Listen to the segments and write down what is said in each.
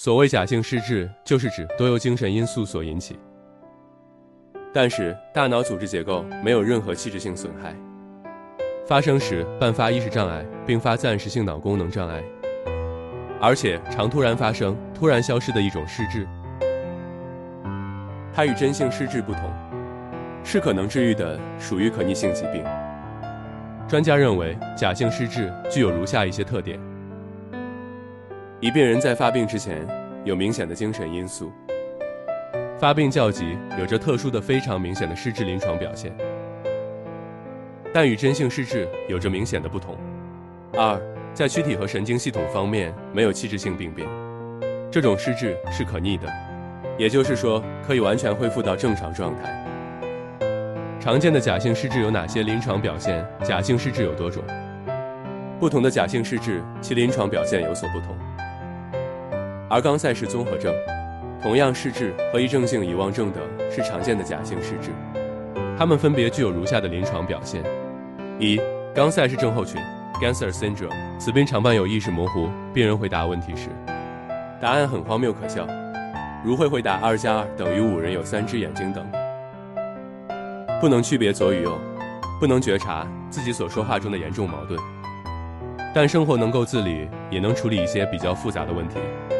所謂假性失智，就是指多由精神因素所引起，但是大腦組織結構沒有任何器質性損害，發生時伴發意識障礙，併發暫時性腦功能障礙，而且常突然發生、突然消失的一種失智。它與真性失智不同，是可能治癒的，屬於可逆性疾病。專家認為，假性失智具有如下一些特點。一、病人在發病之前有明顯的精神因素，發病較急，有着特殊的非常明顯的失智臨床表現，但與真性失智有着明顯的不同。二、在軀體和神經系統方面沒有器質性病變，這種失智是可逆的，也就是說可以完全恢復到正常狀態。常見的假性失智有哪些臨床表現？假性失智有多種，不同的假性失智其臨床表現有所不同。而剛塞氏綜合症，同樣失智和癔症性遺忘症等是常見的假性失智，它們分別具有如下的臨床表現：一、剛塞氏症候群 （Ganser Syndrome），此病常伴有意識模糊，病人回答問題時，答案很荒謬可笑，如會回答2 “二加二等於五人有三隻眼睛”等，不能區別左與右，不能覺察自己所說話中的嚴重矛盾，但生活能夠自理，也能處理一些比較複雜的問題。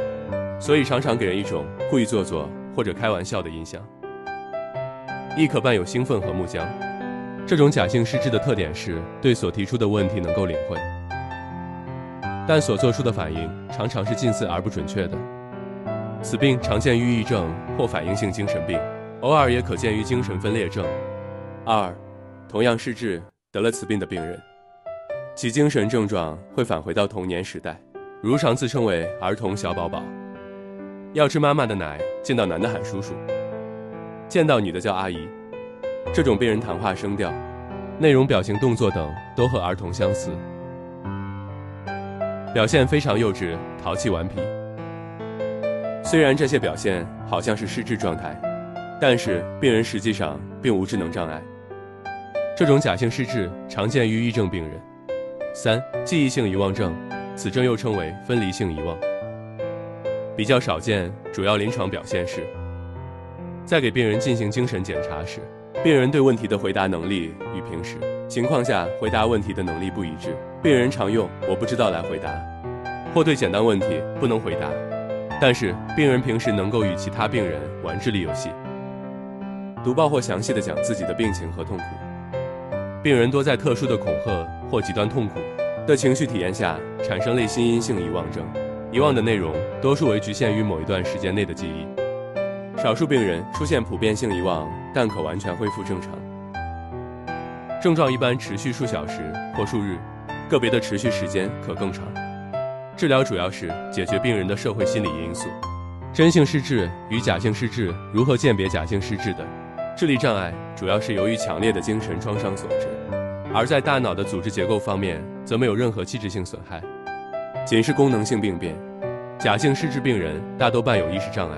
所以常常給人一種故意做作或者開玩笑的印象，亦可伴有興奮和木僵。這種假性失智的特點是對所提出的問題能夠領會，但所做出的反應常常是近似而不準確的。此病常見於癔症、或反應性精神病，偶爾也可見於精神分裂症。二、童樣失智，得了此病的病人，其精神症狀會返回到童年時代，如常自稱為兒童小寶寶。要吃媽媽的奶，見到男的喊叔叔，見到女的叫阿姨。這種病人談話聲調、內容、表情、動作等都和兒童相似，表現非常幼稚、淘氣、頑皮。雖然這些表現好像是失智狀態，但是病人實際上並無智能障礙。這種假性失智常見於抑鬱症病人。三、記憶性遺忘症，此症又稱為分離性遺忘。比較少見，主要臨床表現是，在給病人進行精神檢查時，病人對問題的回答能力與平時情況下回答問題的能力不一致。病人常用“我不知道”來回答，或對簡單問題不能回答。但是，病人平時能夠與其他病人玩智力遊戲、讀報或詳細地講自己的病情和痛苦。病人多在特殊的恐嚇或極端痛苦的情緒體驗下產生類心因性遺忘症。遺忘的內容多數為局限於某一段時間內的記憶，少數病人出現普遍性遺忘，但可完全恢復正常。症狀一般持續數小時或數日，個別的持續時間可更長。治療主要是解決病人的社會心理因素。真性失智與假性失智如何鑑別？假性失智的智力障礙主要是由於強烈的精神創傷所致，而在大腦的組織結構方面則沒有任何器質性損害。僅是功能性病變，假性失智病人大多伴有意識障礙，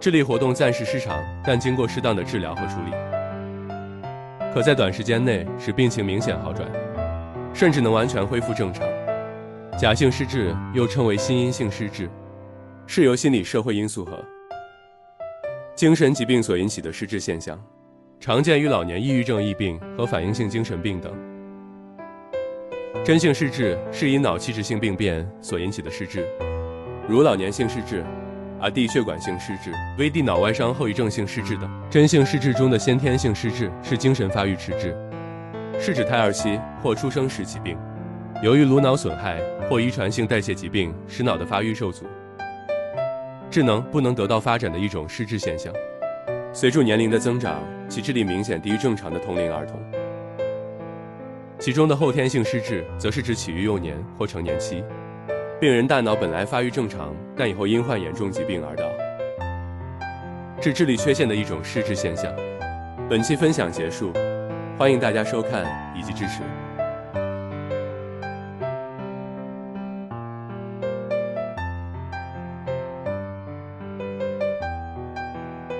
智力活動暫時失常，但經過適當的治療和處理，可在短時間內使病情明顯好轉，甚至能完全恢復正常。假性失智又稱為心因性失智，是由心理社會因素和精神疾病所引起的失智現象，常見於老年抑鬱症、癔病和反應性精神病等。真性失智是因腦器質性病變所引起的失智，如老年性失智、阿蒂血管性失智、VD 腦外傷後遺症性失智等。真性失智中的先天性失智是精神發育遲滯，是指胎兒期或出生時疾病，由於顱腦損害或遺傳性代謝疾病使腦的發育受阻，智能不能得到發展的一種失智現象。隨着年齡的增長，其智力明顯低於正常的同齡兒童。其中的後天性失智，則是指起於幼年或成年期，病人大腦本來發育正常，但以後因患嚴重疾病而導致智力缺陷的一種失智現象。本期分享結束，歡迎大家收看以及支持。